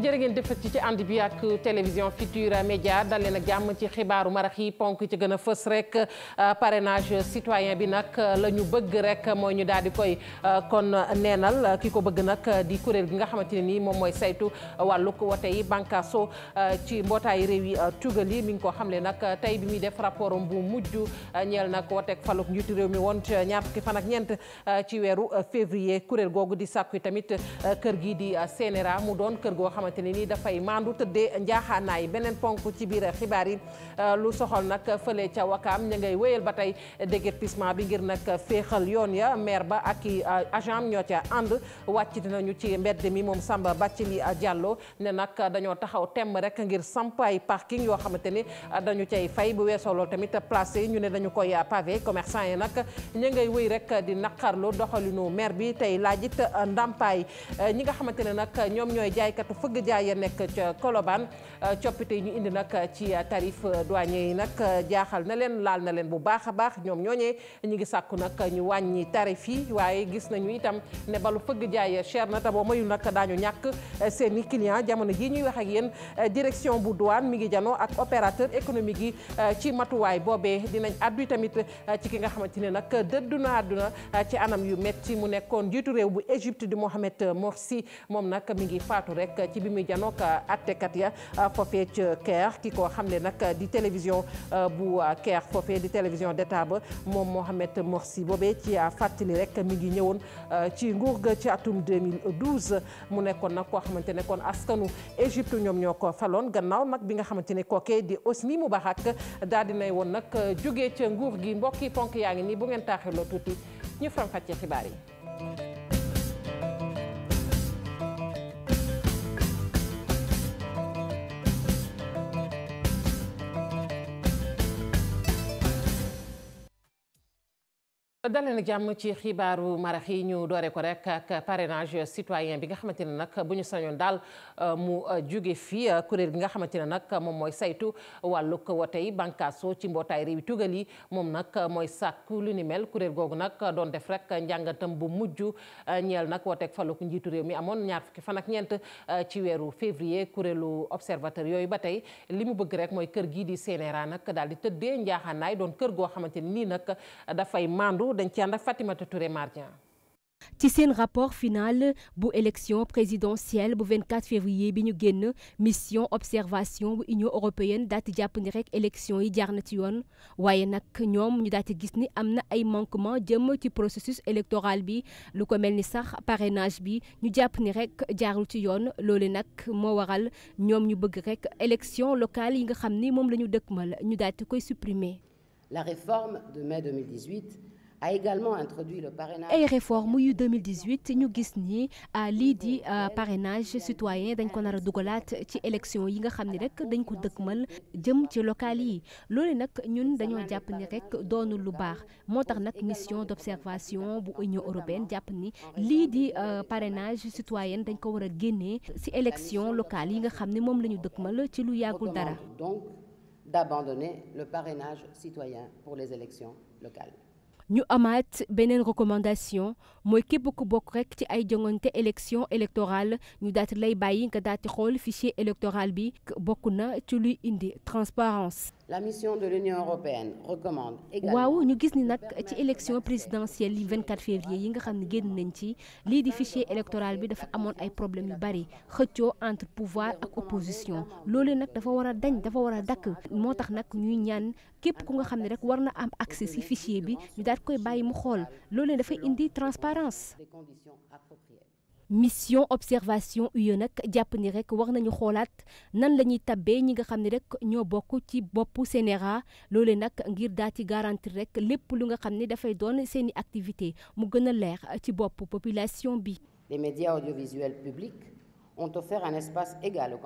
jërë ngeen defat ci ànd ak télévision Futurs Médias dal leen ak jàmm ci xibaaru marax yi ponk ci gën a fës rek euh, parrainage citoyen bi nag euh, la ñu bëgg rek mooy ñu daal di koy euh, kon neenal ki ko bëgg nag di kuréel gi nga xamante ne nii moom mooy saytu wàllug wote yi bankaso ci mbootaayu réew yi tugal yi mi ngi ko xamle nag tey bi muy def rapport am bu mujj ñeel nag woteeg faluk njiitu réew mi woon ñaar fukki fan ak ñeent ci weeru février kuréel googu di sàkku tamit kër gi di CNRA mu doon kër goo xamante ne nii dafay maandu tëddee njaaxaanaay beneen ponk ci biir xibaar yi euh, lu soxal nag fële ca wakaam ña ngay wéyal ba tey déguerpissement bi ngir nag féexal yoon ya maire ba ak i euh, agent ñoo ca ànd wàcc dinañu ci mbedd mi moom Samba Bathily Diallo ne nag dañoo taxaw temm rek ngir samp ay parking yoo xamante ni dañu cay fay bu weesoo loolu tamit placé ñu ne dañu koy pavé commerçant yi nag ña ngay wéy rek di naqarlu doxalinu maire bi tey laajit ndàmpaay euh, ñi nga xamante ne nag ñoom ñooy jaaykatu fëgg bëgg jaay ya nekk ca Colobane euh, coppite yi ñu indi nag ci tarif euh, douanier yi nag euh, jaaxal na leen laal na leen bu baax a baax ñoom ñooñee ñu ngi sàkku nag ñu wàññi tarif yi waaye gis nañu itam ne balu fëgg jaay cher na te boo mayul nag daañu ñàkk seen i client jamono jii ñuy wax ak yéen direction bu douane mi ngi janoo ak opérateur économique yi ci matuwaay boobee dinañ addu tamit ci ki nga xamante ne nag dëddu na àdduna ci anam yu metti mu nekkoon jiitu réew bu Égypte di bi muy janook uh, attekat ya uh, foofee ca Caire ki ko xam ne nag uh, di télévision bu Caire foofee di télévision d'état ba moom Mohamed Morsi boobee ci fàttali rek mi ngi ñëwoon ci nguur ga ci atum 2012 mu nekkoon nag koo xamante ne kon askanu Égypte ñoom ñoo ko faloon gannaaw nag bi nga xamante ne kookee di Hosni Moubarak daal nay woon nag jógee ca nguur gi mbokki ponk yaa ngi nii bu ngeen taaxiloo tuuti ñu faram fàccee xibaar yi dalee na jàmm ci xibaaru marax yi ñu doore ko rek ak parrainage citoyen bi nga xamante ne nag bu ñu sañoon daal euh, mu euh, jóge fii euh, kuréel gi nga xamante ne nag moom mooy saytu wàllug tey yi soo ci mbootaay réew yi tugal yi moom nag mooy sàkku lu ni mel kuréel googu nag doon def rek njàngatam bu mujj ñeel nag teg woteeg faluk njiitu réew mi amoon ñaar fukki fan nag ñeent ci weeru février kuréelu observateur yooyu ba tey li mu bëgg rek mooy kër gii di CNRA nag daal di tëddee njaaxaanaay doon kër goo xamante ni nii nag dafay mandu loolu dañ ci ànd ak Fatimata Touré Mardian ci seen rapport final bu élection présidentielle bu 24 février bi ñu génn mission observation bu union européenne daati jàpp ni rek élection yi jaar na ci yoon waaye nag ñoom ñu daati gis ni am na ay manquement jëm ci processus électoral bi lu ko mel ni sax parrainage bi ñu jàpp ni rek jaarul ci yoon loolu nag moo waral ñoom ñu bëgg rek élection locale yi nga xam ni moom lañu dëkk dëkkmal ñu daati koy supprimer. La réforme de mai a également introduit le parrainage. ay réforme yu 2018 ñu gis ni ah, lii di ah, parrainage citoyen dañ ko nar a dugalaat ci élection yi nga xam ni rek dañ ko dëkkmal jëm ci local yi loolu nag ñun dañoo jàpp ni rek doonul lu baax moo tax nag mission d'observation bu Union européenne jàpp ni lii di ah, parrainage citoyen dañ ko war a génnee ci élection locale yi nga xam ne moom la ñu dëkkmal ci lu yàggul dara. donc d'abandonner le parrainage citoyen pour les élections locales. ñu amaat beneen recommandation mooy képp ku bokk rek ci ay jongante élection électorale ñu daati lay bàyyi nga daati xool fichier électoral bi bokk na ci luy indi transparence la mission de l'Union européenne waaw ñu gis ni nag ci élection présidentielle yi 24 février yi nga xam ni génn nañ ci lii di fichier électorale bi dafa amoon ay problèmes yu bari xëccoo entre pouvoir ak opposition loolu nag dafa war a dañ dafa war a dakk moo tax nag ñuy ñaan képp ku nga xam ne rek war na am accès ci fichier bi ñu daat koy bàyyi xool transparence mission observation UE nag jàpp ni rek wax nañu xoolaat nan la ñuy tabbee ñi nga xam ni rek ñoo bokk ci boppu CNRA loole nag ngir daa ci garantir rek lépp lu nga xam ni dafay doon seen i activité mu gën a leer ci bopp population bi. les médias audiovisuels publics ont offert un espace égal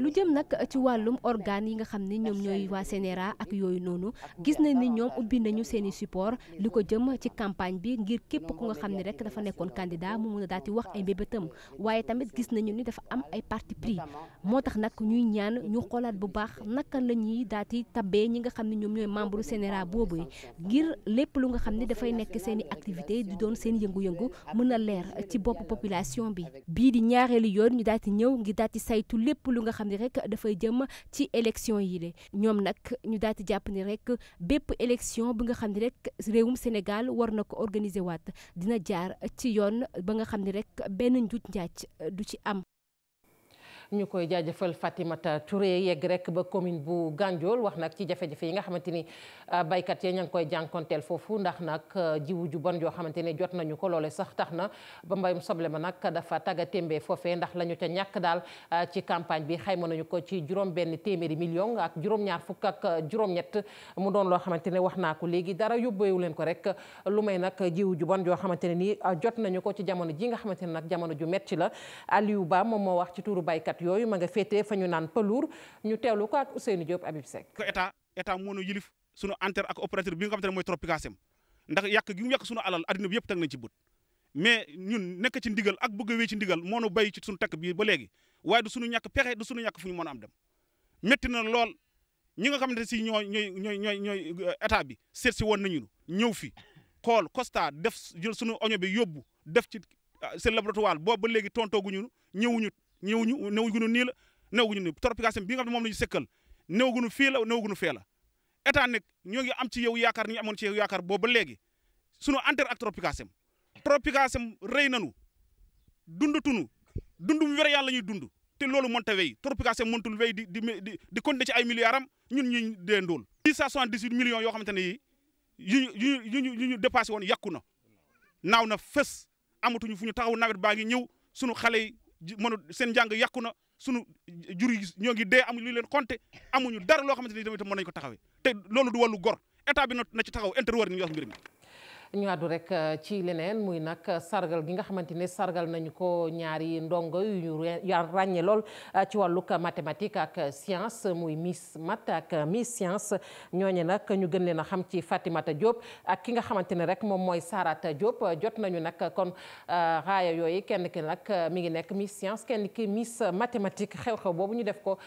lu jëm nag ci wàllum organes yi nga xam ne ñoom ñooy waa CNRA ak yooyu noonu gis nañ ni ñoom ubbi nañu seen i support li ko jëm ci campagne bi ngir képp ku nga xam ne rek dafa nekkoon candidat mu mun a daal di wax ay mbébétam waaye tamit gis nañu ni dafa am ay parti pris moo tax nag ñuy ñaan ñu xoolaat bu baax naka la ñuy daal di tabbee ñi nga xam ne ñoom ñooy membre CNRA boobu ngir lépp lu nga xam ne dafay nekk seen i activité di doon seen yëngu-yëngu mën bi yoon ñu daal di ñëw ngi daal di saytu lépp lu nga xam ni rek dafay jëm ci élection yi de ñoom nag ñu daal di jàpp ni rek bépp élection bi nga xam ni rek réewum Sénégal war na ko organiser waat dina jaar ci yoon ba nga xam ni rek benn njuuj njaaj du ci am ñu koy jaajëfal Fatimata Touré yegg rek ba commune bu Gandiol wax nag ci jafe-jafe yi nga xamante ni euh, baykat ya ña ngi koy jànkonteel foofu ndax nag euh, jiwu ju bon yoo xamante ni jot nañu ko loole sax tax na ba mbayum soble ma nag dafa tagga témbee foofee ndax lañu ñu ca ñàkk daal euh, ci campagne bi xayma nañu ko ci juróom benn téeméeri million ak juróom-ñaar fukk ak juróom-ñett mu doon loo xamante ne wax naa ko léegi dara yóbbeewu leen ko rek lu may nag jiwu ju bon yoo xamante ne ni jot nañu ko ci jamono ji nga xamante ne nag jamono ju metti la Aliou Ba moom moo wax ci tuuru baykat yooyu ma nga féetee fa ñu naan paluur ñu teewlu ko ak Ousseynou Diop Habib Seck. état état moo ñu yilif sunu antenne ak opérateur bi nga xamante ne mooy Tropicasem ndax yàq gi mu yàq sunu alal addina bi yëpp teg nañ ci bët mais ñun nekk ci ndigal ak bëgg a ci ndigal moo nu bay ci sunu takk bii ba léegi waaye du sunu ñàkk pexe du sunu ñàkk fu ñu mën a am dem métti na lool ñi nga xamante ne si ñooy ñooy ñooy ñooy ñooy euh, état bi seet si woon nañu ñëw fi xool constat def jël sunu oño bi yóbbu def ci euh, seen laboratoire boobu ba léegi tontooguñu ñëwuñu ñëwuñu newuñu nii la newuñu nii torpication bi nga xam ne moom la ñu sëkkal newuñu fii la newuñu fee la état nag ñoo ngi am ci yow yaakaar ni ñu amoon ci yaakaar boobu ba léegi sunu enter ak tropicasim tropicasim rëy nanu dundatunu dundum wér yàlla ñuy dund te loolu mënta wéy tropicasim mëntul wéy di di di di continuer ci ay milliards am ñun ñuy dee ndóol. 678 millions yoo xamante ne yii yu ñu yu ñu yu ñu dépassé woon yàqu na naaw na fës amatuñu fu ñu taxaw nawet baa ngi ñëw sunu xale yi mënu seen njàng yàqu na sunu jur yi ñoo ngi dee amuñu lu leen compter amuñu dara loo xamante ni tamit mën nañu ko taxawee te loolu du wallu gor état bi na ci taxaw intervenir ñu wax mbir mi ñu àddu rek euh, ci leneen muy nag sargal gi nga xamante ne sargal nañu ko ñaari ndongo yu ñu ràññee lool euh, ci wàllug mathématique ak science muy Miss Math ak Miss Science ñooñu nag ñu gën leen a xam ci Fatimata Diop ak ki nga xamante ne rek moom mooy Sarata Diop jot nañu nag kon euh, raaya yooyu kenn ki nag mu ngi nekk Miss Science kenn ki Miss Mathématique xew-xew boobu ñu def ko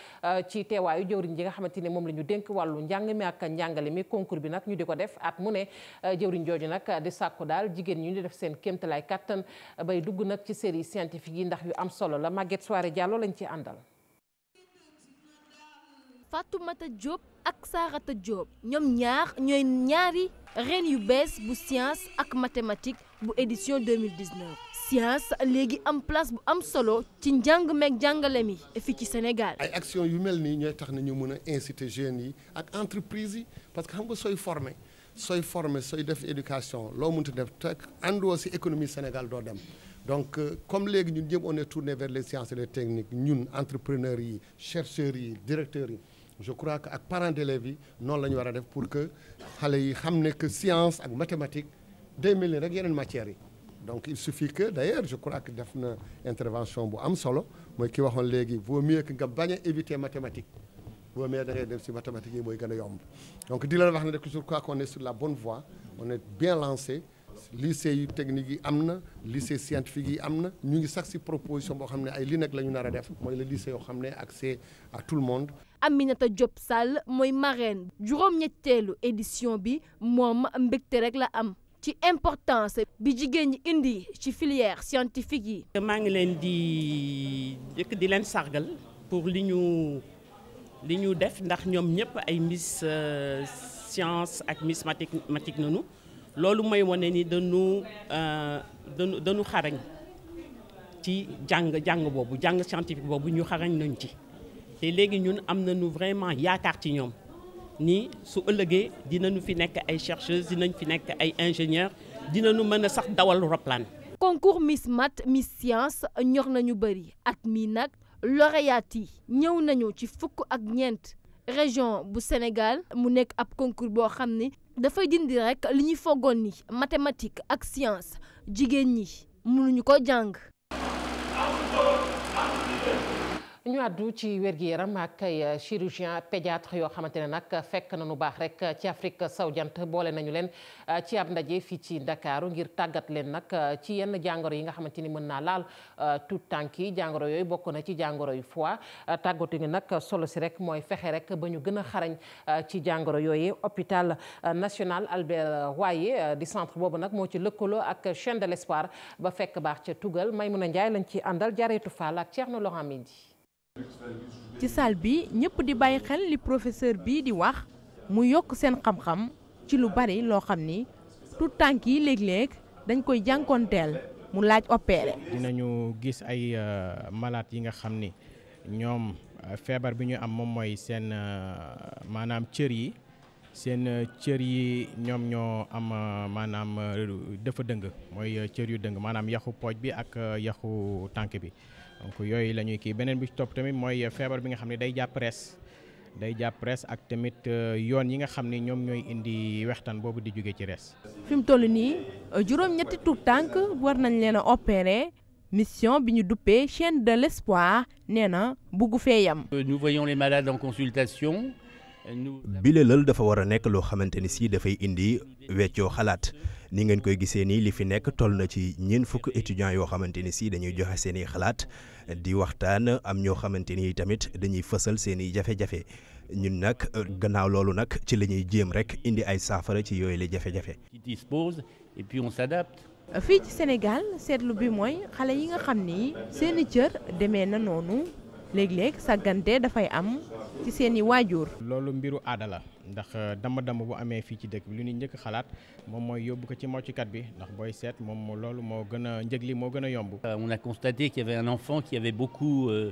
ci teewaayu jëwriñ ji nga xamante ne moom la ñu dénk wàllu njàng mi ak njàngale mi concours bi nag ñu di ko def at mu ne jëwriñ jooju nag di sàkku daal jigéen ñu ni def seen kéemtalaay kàttan bay dugg nag ci série scientifique yi ndax yu am solo la Maguette Soirée Diallo lañu ci àndal Fatoumata Diop ak Sarata Diop ñoom ñaar ñooy ñaari reine yu bees bu science ak mathématique bu édition 2019 science léegi am place bu am solo ci njàng meeg njàngale mi fii ci Sénégal. ay action yu mel nii ñooy tax nañu ñu mën a inciter jeunes yi ak entreprise yi parce que xam nga sooy formé. sooy former sooy def éducation loo mënti def te àndoo si économie Sénégal doo dem donc euh, comme léegi ñu ñëpp on est tourné vers les sciences et les techniques ñun entrepreneurs yi chercheurs yi directeurs yi je crois que ak parents d'élèves yi noonu la ñu war a def pour que xale yi xam ne que science ak mathématique day mel ni rek yeneen matières yi donc il suffit que d'ailleurs je crois que def na intervention bu am solo mooy ki waxoon léegi vaut mieux que nga bañ a éviter mathématique boo mee da ngay dem si mathématiques yi mooy gën a yomb donc di leen wax ne rek toujours quoi qu'on est la bonne voie on est bien lancé lycée yu technique yi am na lycée scientifique yi am na ñu ngi sax si proposition boo xam ne ay li nekk la ñu nar a def mooy le lycée yoo xam ne accès à tout le monde Aminata Diop Sall mooy marraine juróom-ñetteelu édition bi moom mbégte rek la am ci importance bi jigéen ñi indi ci filière scientifique yi maa ngi leen di jëkk di leen sargal pour li ñu li ñu def ndax ñoom ñëpp ay miss euh, science ak miss mathématique nanu loolu mooy wane ni dañu euh, dañu dañu xarañ ci jàng jàng boobu jàng scientifique boobu ñu xarañ nañ ci te léegi ñun am nañu vraiment yaakaar ci ñoom ni su ëllëgee dina dinañu fi nekk ay chercheuses dinañ fi nekk ay ingénieurs dinañu mën a sax dawal roplaan concours Miss Math Miss Science ñor nañu bëri at mii nag lauréats yi ñëw nañu ci fukk ak ñeent region bu Sénégal mu nekk ab concours boo xam ne dafay dindi rekk li ñuy foogoon ni mathématique ak science jigéen ñi mënuñu ko jàng ñu àddu ci wér-gu-yaram ak ay eh, chirurgien pédiatre yoo xamante ne nag fekk nañu baax rek ci Afrique saw jant boole nañu leen eh, ci ab ndaje fii ci Ndakaaru ngir tàggat leen nag eh, ci yenn jàngoro yi nga xamante ni mën naa laal tout tànk yi jàngoro yooyu bokk na ci jàngoro yu fois tàggatu gi nag solo si rek mooy fexe rek ba ñu gën a xarañ ci jàngoro yooyu hôpital national Albert Royer di centre boobu nag moo ci lëkkaloo ak chain de l'espoir ba fekk baax ca tugal Maymuna Njaay lañ ci àndal jareetu Fall ak Thierno Laurent Mendy ci salle bi ñëpp di bàyyi xel li professeur bii di wax mu yokk seen xam-xam ci lu bari loo xam ni tout tànk yi léeg-léeg dañ koy jànkoonteel mu laaj opéré. dinañu gis ay euh, malade yi nga xam ni ñoom euh, feebar bi ñu am moom mooy seen euh, maanaam cër yi seen cër yi ñoom ñoo am maanaam dafa dëng mooy cër yu dëng maanaam yaxu pooj bi ak yaxu tànk bi. donc yooyu la ñuy kii beneen bi ci topp tamit mooy feebar bi nga xam ne day jàpp rees day jàpp ak tamit euh, yoon yi nga xam ni ñoom ñooy indi wextaan boobu di jóge ci res fi mu toll nii euh, juróom-ñetti tuut tànk war nañ leen a opérer mission bi ñu duppee chaine de l' espoir nee na bugg fee yam. nous voyons les malades en consultation. bile lël dafa war a nekk loo xamante ni si dafay indi weccoo xalaat ni ngeen koy gisee nii li fi nekk toll na ci ñeent fukk étudiants yoo xamante ni si dañuy joxe seen i xalaat di waxtaan am ñoo xamante ni tamit dañuy fësal seen i jafe-jafe ñun nag gannaaw loolu nag ci la ñuy jéem rek indi ay saafara ci yooyu la jafe-jafe. et puis on s'adapte. fii ci Sénégal seetlu bi mooy xale yi nga xam ni seen cër demee na noonu. léeg-léeg sàggante dafay am ci seeni waajur. loolu mbiru aadala ndax euh, dama-dama bu amee fii ci dëkk bi lu ñuy njëkk xalaat moom mooy yóbbu ko ci moccukat bi ndax booy seet moom loolu moo gën a njëg li moo gën a yomb. Euh, on a constaté qu'il y avait un enfant qui avait beaucoup. Euh...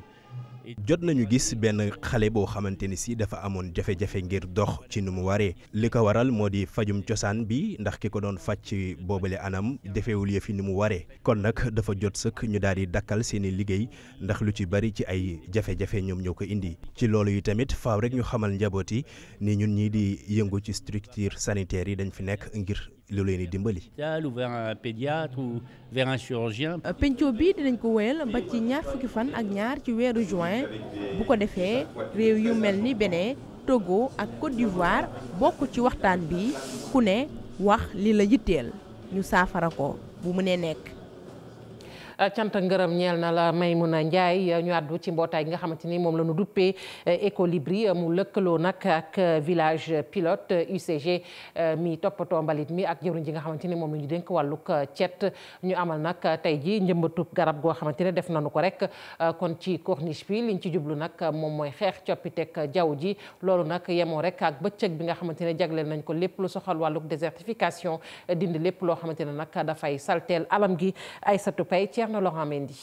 jot nañu gis benn xale boo xamante ni sii dafa amoon jafe-jafe ngir dox ci nu mu waree li ko waral moo di fajum cosaan bi ndax ki ko doon faj ci boobale anam defeewul yëf fi ni mu waree kon nag dafa jot sëkk ñu daal di dakkal seeni liggéey ndax lu ci bari ci ay jafe-jafe ñoom ñoo ko indi ci loolu yi tamit faw rek ñu xamal njaboot yi ni ñun ñii di yëngu ci structure sanitaire yi dañu fi nekk ngir lu leen di dimbali. ou vers un pédiatre ou vers un chirurgien. Euh, penco bi dinañ ko wéyal ba ci ñaar fukki fan ak ñaar ci weeru join bu ko defee réew yu mel ni Bénin Togo ak Côte bokk ci waxtaan bi ku ne wax li la yitteel ñu saafara ko bu mënee nekk. Euh, cant ak ngërëm ñeel na la may a Ndiaye euh, ñu àddu ci mbootaay gi nga xamante ni moom la ñu duppee euh, Ecolibri mu lëkkaloo nag ak village pilote UCG mi toppatoo mbalit mi ak jëwriñ ji nga xamante ni moom la ñu dénk wàllug cet ñu amal nag tey ji njëmbatu garab goo xamante ne def nañu ko rek kon ci corniche bi liñ ci jublu nag moom mooy xeex coppiteg jaww ji loolu nag yemoo rek ak bëccëg bi nga xamante ne jagleel nañ ko lépp lu soxal wàllug désertification dindi lépp loo xamante ne nag dafay salteel alam gi Thierno Laurent Mendy.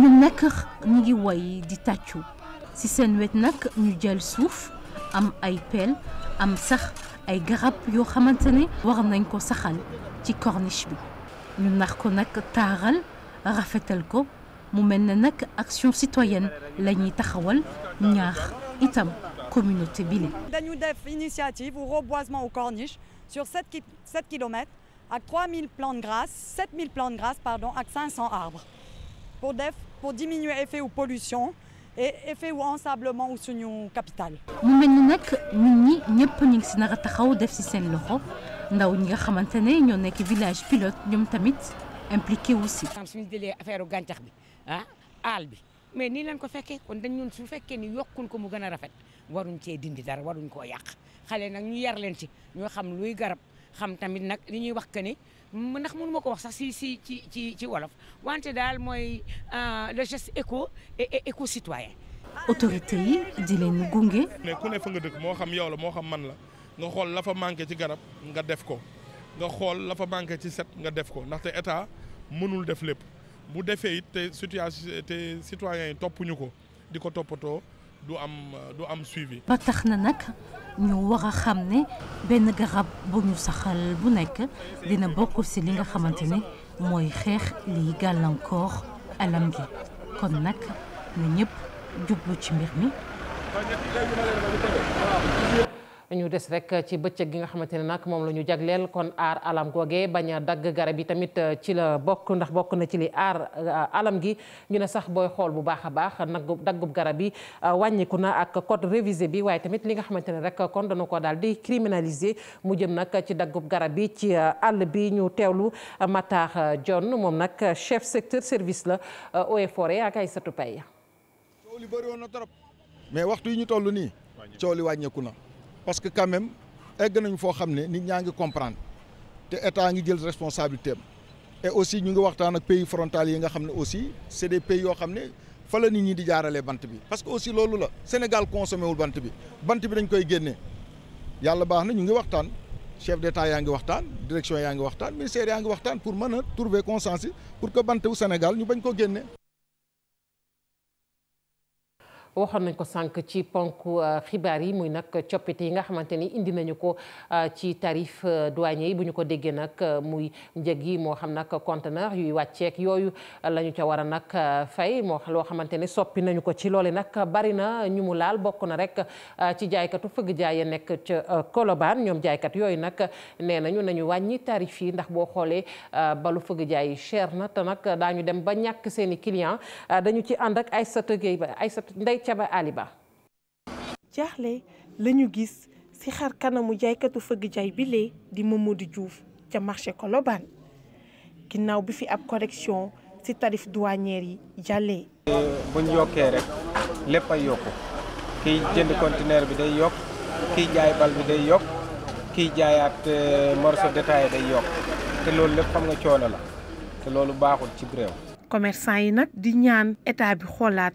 ñu nekk ñu ngi woy di tàccu ci seen wet nag ñu jël suuf am ay peel am sax ay garab yoo xamante ne war nañ ko saxal ci corniche bi ñu nax ko nag taaral rafetal ko mu mel ne nag action citoyenne la ñuy taxawal ñaax itam communauté bi la dañu def initiative au reboisement aux corniches sur 7 ak 3000 plantes grasses 7000 plantes grasses pardon ak 500 arbres pour def pour diminuer effet wu pollution et effet wu ensablement wu suñu capital. mu mel ni nag nit ñi ñëpp ñu ngi si nar a taxaw def si seen loxo ndaw ñi nga xamante ne ñoo nekk village pilote ñoom tamit impliqué wu si. maanaam suñu jëlee affaire gàncax bi ah aal bi mais nii lañ ko fekkee kon dañ ñun su fekkee ni yokkuñ ko mu gën a rafet waruñ cee dindi dara waruñ koo yàq xale nag ñu yar leen ci ñoo xam luy garab. xam tamit nag li ñuy wax que ni ndax mënu ma ko wax sax si si ci ci ci wolof wante daal mooy euh, le geste éco éco citoyen autorité yi di leen gunge. ne ku ne fa nga dëkk moo xam yow la moo xam man la nga xool la fa manqué ci garab nga def ko nga xool la fa manqué ci set nga def ko ndaxte état mënul def lépp bu defee it te situation te citoyens yi toppuñu ko di ko toppatoo. du am am suivi. ba tax na nag ñu war a xam ne benn garab bu ñu saxal bu nekk dina bokk ci li nga xamante ne mooy xeex liy gàllankoor alam gi kon nag na ñëpp jublu ci mbir mi. ñu des rek ci bëccëg gi nga xamante nag moom la ñu jagleel kon aar alam googe bañ a dagg garab yi tamit euh, ci la bokk ndax bokk na ci li aar euh, alam gi ñu ne sax booy xool bu baax a baax nag daggub garab yi euh, wàññiku na ak code révisé bi waaye tamit li nga xamante ne rek kon dana ko daal di criminaliser mu jëm nag ci daggub garab yi ci àll bi ñu teewlu Matar John moom nag chef secteur service la eaux et forêt ak ay satu pay coow li bëri woon nii coow parce que quand même egg nañu foo xam ne nit ñaa ngi comprendre te état ngi jël responsabilité et aussi ñu ngi waxtaan ak pays frontal yi nga xam ne aussi c'est des pays yoo xam ne fa la nit ñi di jaarale bant bi parce que aussi loolu la Sénégal consommé wul bant bi bant bi dañ koy génnee yàlla baax na ñu ngi waxtaan chef d'état yaa ngi waxtaan direction yaa ngi waxtaan ministère yaa ngi waxtaan pour mën a trouver consensus pour que bant wu Sénégal ñu bañ ko génne waxoon nañ ko sànq ci ponk euh, xibaar yi muy nag coppite yi nga xamante ni indi nañu ko euh, ci tarif euh, douanier yi bu ñu ko déggee nag muy njëg yi moo xam nag conteneur yuy wàcceek yooyu lañu ca war a nag fay moo loo xamante ni soppi nañu ko ci loole nag bari na ñu mu laal bokk na rek ci jaaykatu fëgg jaaye nekk ca ñoom jaaykat yooyu nag nee nañu nañu wàññi tarif yi ndax boo xoolee balu fëgg jaay yi cher na te nag daañu dem ba ñàkk seeni i client dañu ci ànd ak Aïssata Gueye ba Aïssata Ndeye Thiaba Ali Ba jaaxle la ñu gis ci xar kanamu jaaykatu fëgg jaay bile di Mamadou Diouf ca marché Colobane ginnaaw bi fi ab correction ci tarif douanière yi jàllee. buñ yokkee rek lépp ay yokku kiy jënd conteneur bi day yokk kiy jaay bal bi day yokk kiy jaayaat euh, morceau détaillé day yokk te loolu lépp xam nga coono la te loolu baaxul ci réew. commerçant yi nag di ñaan état bi xoolaat.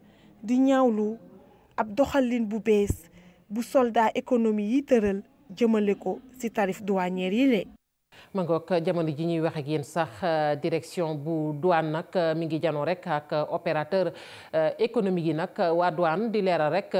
di ñawlu ab doxalin bu bees bu soldat économie yi tëral jëmale ko ci tarif douanière yi le ma ngoog jamono ji ñuy wax ak yéen sax euh, direction bu douane nag euh, mi ngi janoo rek ak euh, opérateur économique yi nag waa douane di leeral rek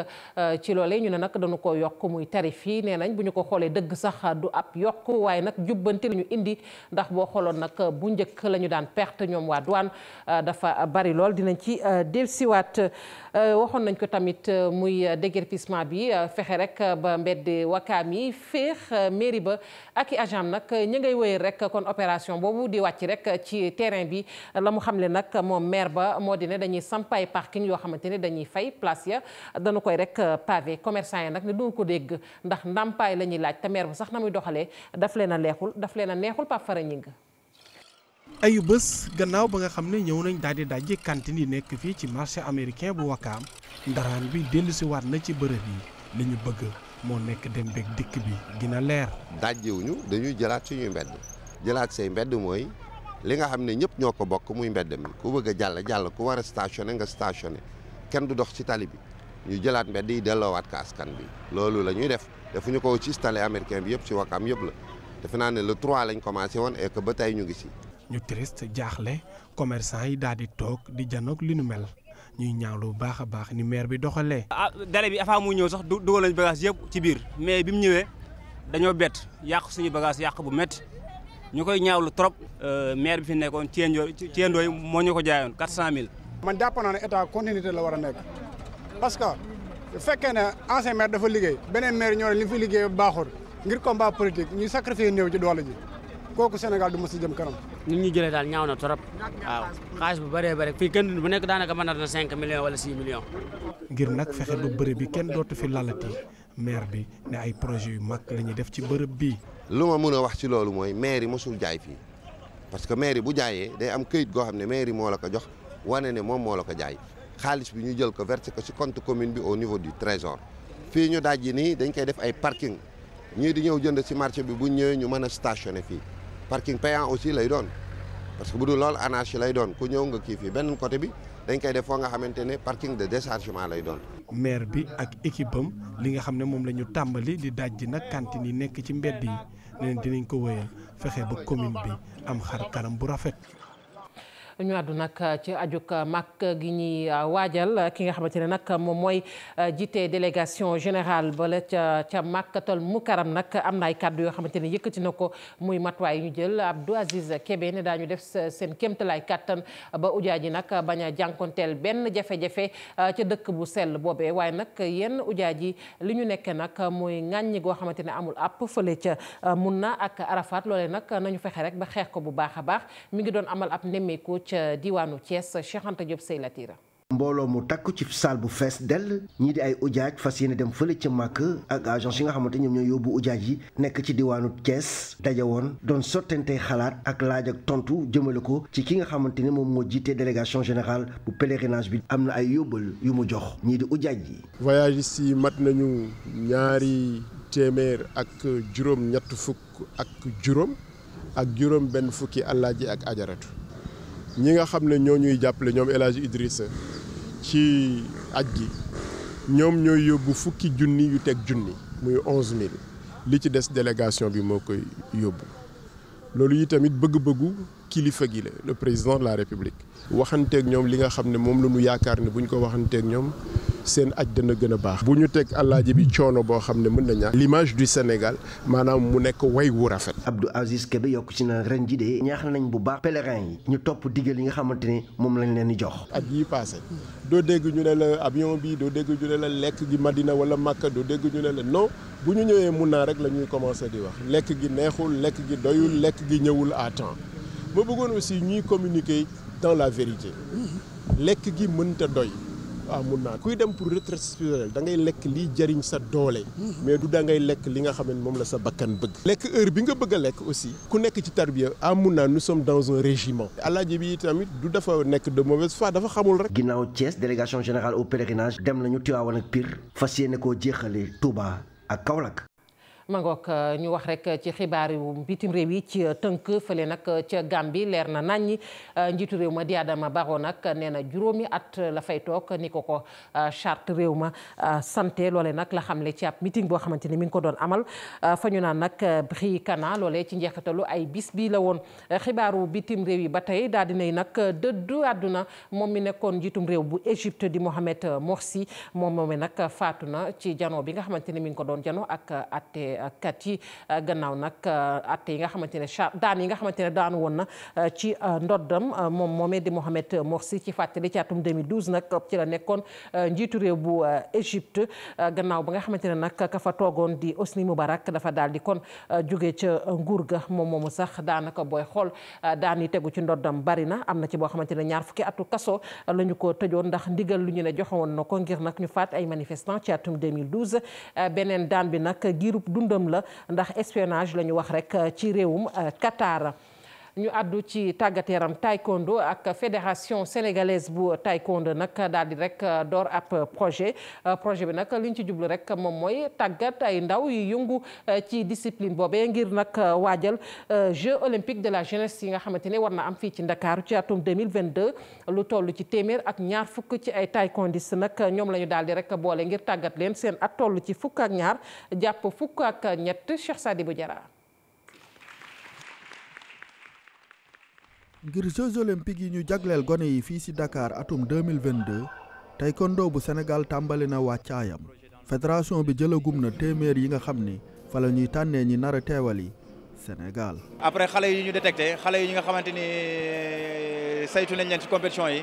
ci loole ñu ne nag danu ko yokk muy tarif yi nee nañ bu ñu ko xoolee dëgg sax du ab yokk waaye nag jubbanti la ñu indi ndax boo xooloon nag bu njëkk la ñu daan perte ñoom waa douane dafa bari lool dinañ ci dellusiwaat waxoon nañ ko tamit muy déguerpissement bi fexe rek ba mbedd wakaam yi féex mairie ba ak i agent nag ña wéy rek kon opération boobu di wàcc rek ci terrain bi la mu xamle nag moom maire ba moo di ne dañuy samp ay parking yoo xamante ne dañuy fay place ya dañu koy rek pavé commercant yi nag ne du ko dégg ndax ndàmpaay la ñuy laaj te maire ba sax na muy doxalee daf leen a leexul daf leen a neexul Pape Fara Ñing ayu bés gannaaw ba nga xam ne ñëw nañ daal di dajje cantine yi nekk fii ci marché américain bu Wakaam ndaraan bi dellusiwaat na ci bërëb moo nekk dem beeg dikk bi gën leer. dajjiwuñu dañuy jëlaat suñuy mbedd jëlaat say mbedd mooy li nga xam ne ñëpp ñoo ko bokk muy mbedd mi ku bëgg a jàll jàll ku war a stationné nga stationné kenn du dox ci tali bi ñu jëlaat mbedd yi delloowaat ko askan bi. loolu la ñuy def ñu ko ci tali américain bi yëpp ci Wakaam yëpp la defe naa ne le trois lañ commencé woon et ba tey ñu ngi si. ñu triste jaaxle commerçant yi daal di toog di janoog li nu mel. ñuy ñaawlu bu baax a baax ni maire bi doxalee. ah délai bi avant mu ñëw sax du dugal nañu bagage yëpp ci biir mais bi mu ñëwee dañoo bett yàq suñu bagage yàq bu métti ñu koy ñaawlu trop. Euh, maire bi fi nekkoon Thiendoo Thiendoo yi moo ñu ko jaayoon 400000. man jàpp naa ne état continuité la war a nekk parce que bu fekkee ne ancien maire dafa liggéey beneen maire ñoo ne li mu fi liggéey baaxul ngir combat politique ñuy sacrifier néew ci doole ji. kooku Sénégal du mos a jëm kanam. nit ñi jëlee daal ñaaw na trop. waaw xaalis bu baree bëri fii kenn bu nekk daanaka mën na 5 millions wala 6 millions. ngir nag fexe bu bërëb bi kenn dootu fi lalati maire bi ne ay projet yu mag la ñuy def ci bërëb bii. lu ma mën a wax ci loolu mooy maire yi mosul jaay fii parce que maire yi bu jaayee day am kayit goo xam ne maire yi moo la ko jox wane ne moom moo la ko jaay xaalis bi ñu jël ko versé ko ci compte commune bi au niveau du trésor fii ñu daj yi nii dañ koy def ay parking ñii di ñëw jënd ci marché bi bu ñëwee ñu mën a stationné fii parking payant aussi lay doon parce que bu du lool anarchie lay doon ku ñëw nga kii fii benn côté bi dañ koy def foo nga xamante ne parking de déchargement lay doon. maire bi ak équipe am li nga xam ne moom la ñu tàmbali di dajji nag cantine yi nekk ci mbedd yi ne dinañ ko wéyal fexe ba commune bi am xar kanam bu rafet. ñu àddu nag euh, ci ajuk euh, mag gi ñuy euh, waajal ki nga xamante ne nag moom mooy jiite délégation général bala ca ca màkkatal mukaram nag am ay kàddu yoo xamante ne yëkkati na ko muy matuwaay ñu jël Abdou Aziz Kébé ne daañu def seen kéemtalaay kàttan ba ujaa ji nag bañ a jànkonteel benn jafe ca dëkk bu sell boobee waaye nag yenn ujaa ji li ñu nekkee nag mooy ŋàññi goo xamante ne amul àpp fële ca mun na ak Arafat loolee nag nañu fexe rek ba xeex ko bu baax a baax mi ngi doon amal ab nemmeeku ca diwaanu Thiès Cheikh Anta Diop Sey Latira mbooloo mu takku ci saal bu fees dell ñii di ay ujaaj fas yéene dem fële ci màkk ak agence yi nga xamante ñoom ñoo yóbbu ujaaj yi nekk ci diwaanu Thiès daje woon doon sottante xalaat ak laaj ak tontu jëmale ko ci ki nga xamante ne moom moo jiite délégation générale bu pèlerinage bi am na ay yóbbal yu mu jox ñii di ujaaj yi voyage si mat nañu ñaari téeméer ak juróom ñett fukk ak juróom ak juróom benn fukki àllaaji ak ajaratu ñi nga xam ne ñoo ñuy jàppale ñoom El Hadj ci aj gi ñoom ñooy yóbbu fukki junni yu teg junni muy onze mille li ci des délégation bi moo koy yóbbu loolu yi tamit bëgg-bëggu kilifa gi la le président de la république waxanteeg ñoom li nga xam ne moom la mu yaakaar ne bu ñu ko waxanteeg ñoom seen aj dana gën baax bu ñu teg alaaji bi coono boo xam ne mën na ñàkk l'image du Sénégal maanaam mu nekk way wu rafet Abdou Aziz Kébé yokk ci na ren ji de ñaax nañ bu baax pèlerin yi ñu topp digal yi nga xamante ne moom lañ leen di jox at yi passé doo dégg ñu ne la avion bi doo dégg ñu ne la lekk gi Madina wala Makka doo dégg ñu ne la non bu ñu ñëwee mun naa rek la ñuy commencé di wax lekk gi neexul lekk gi doyul lekk gi ñëwul à temps ma bëggoon aussi ñuy communiquer dans la vérité lekk gi mënta doy waaw ah, mun naa kuy dem pour retraite spirituelle da ngay lekk li jariñ sa doole. Mhm. mais du da ngay lekk li nga xam ne moom la sa bakkan bëgg. lekk heure bi nga bëgg a lekk aussi. ku nekk ci tarbiya amun ah, mun naa nous sommes dans un régiment. alaaji bi tamit du dafa nekk de mauvaise foi dafa xamul rek. ginnaaw Thiès délégation général au pèlerinage dem nañu Tivaouane ak piir fas yéene koo jeexale Touba ak Kaolack. mangook euh, ñu wax rek ci xibaar yu bitim réew yi ci euh, tënk fële nag euh, ca Gàmbi leer na naññi njiitu réew ma di Adama Barrow nag nee na juróomi at la fay toog ni ko ko chart réew ma santé loole nag la xamle ci ab meeting boo xamante ne mi ngi ko doon amal fa ñu naan nag Brikana loole ci njeexitalu ay bis bi la woon xibaaru bitim réew yi ba tey daal dinay nag dëddu àdduna moom mi nekkoon njiitum réew bu Égypte di Mohamed Morsi moom moome nag faatu na ci jano bi nga xamante ni mi ngi kat euh, gannaaw nag euh, at yi nga xamante ne cha daan yi nga xamante ne daan woon na euh, ci ndoddam moom moomee di Mohamed Morsi ci fàttali ci atum 2012 nag ci la nekkoon njiitu réew bu Égypte gannaaw ba nga xamante ne nag ka fa toogoon di mu Moubarak dafa daal di kon jóge ca nguur ga moom moomu sax daanaka booy xool daan yi tegu ci ndoddam bari na am na ci boo xamante ne ñaar fukki atu kaso la ñu ko tëjoon ndax ndigal lu ñu ne joxewoon na ko ngir nag ñu faat ay manifestants ci atum beneen daan bi nag giirub dund dundam la ndax espionnage la ñu wax rek euh, ci réewum euh, Qatar ñu àddu ci tàggat yaram taekwondo ak fédération sénégalaise bu taekwondo nag daal di rek euh, door ab projet euh, projet bi naka li ci jublu rek moom mooy tàggat ay ndaw yu yëngu euh, ci discipline boobee ngir nag waajal Jeux olympiques de la jeunesse yi nga xamante ne war na am fii ci Ndakaaru ci atum 2022 lu tollu ci téeméer ak ñaar fukk ci ay taekwondistes nag ñoom la ñu daal di rek boole ngir tàggat leen seen at tollu ci fukk ak ñaar jàpp fukk ak ñett Cheikh bu Diarra ngir Jeux olympiques yi ñu jagleel gone yi fii ci dakaar atum 2022 taekwondo bu Sénégal tàmbali na wàccaayam fédération bi jëlagum na téeméer yi nga xam ni fa la ñuy tànnee ñi nar a teewali Sénégal. après xale yi ñu détecté xale yi ñi nga xamante ni euh, saytu nañ leen ci compétition yi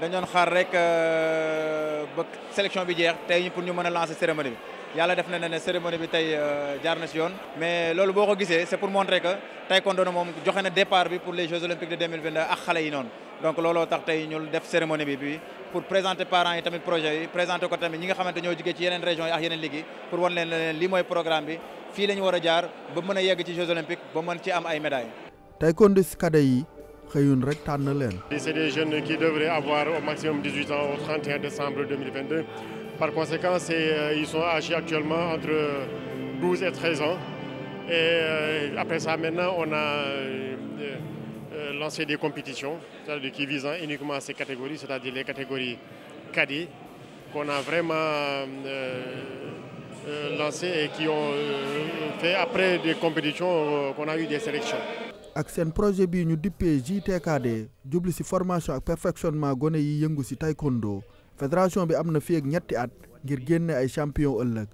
dañu doon xaar rek euh, ba sélection bi jeex tey pour ñu mën a lancer cérémonie bi. yàlla def na ne cérémonie bi tey euh, jaar na si yoon mais loolu boo ko gisee c'est pour montrer que taekwondo na moom joxe na départ bi pour les Jeux olympiques de ak xale yi noonu donc looloo tax tey ñu def cérémonie bi bi pour présenter parents yi tamit projet yi présenter ko tamit ñi nga xamante ñoo jógee ci yeneen région yi ak yeneen ligue pour wan leen leen mooy programme bi fii la ñu jaar ba mën a yegg ci Jeux olympiques ba mën ci am ay médailles. taekwondo si kade yi xëyun rek tànn Par conséquent, euh, ils sont âgés actuellement entre 12 et 13 ans. Et euh, après ça, maintenant, on a euh, lancé des compétitions qui visent uniquement à ces catégories, c'est-à-dire les catégories cadets, qu'on a vraiment lancées et qui ont fait après des compétitions qu'on a eu des sélections. ak seen projet bii ñu dippee JTKD jublu ci formation ak perfectionnement gone yi yëngu ci taekwondo fédération bi am na fii ñetti at ngir génne ay champion ëllëg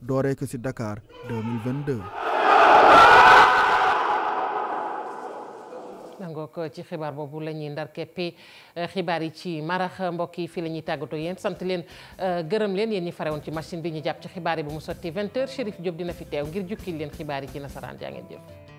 dooree ko ci Dakar 2022. nangook ci xibaar boobu la ñuy ndar keppi eh, xibaar yi ci marax mbokk yi fii la ñuy tàggatoo yéen sant leen eh, gërëm leen yéen ñi farewoon ci machine bi ñu jàpp ci xibaar yi ba mu sotti 20h Chérif dina fi teew ngir jukki leen xibaar yi ci nasaraan jaa ngeen jëf.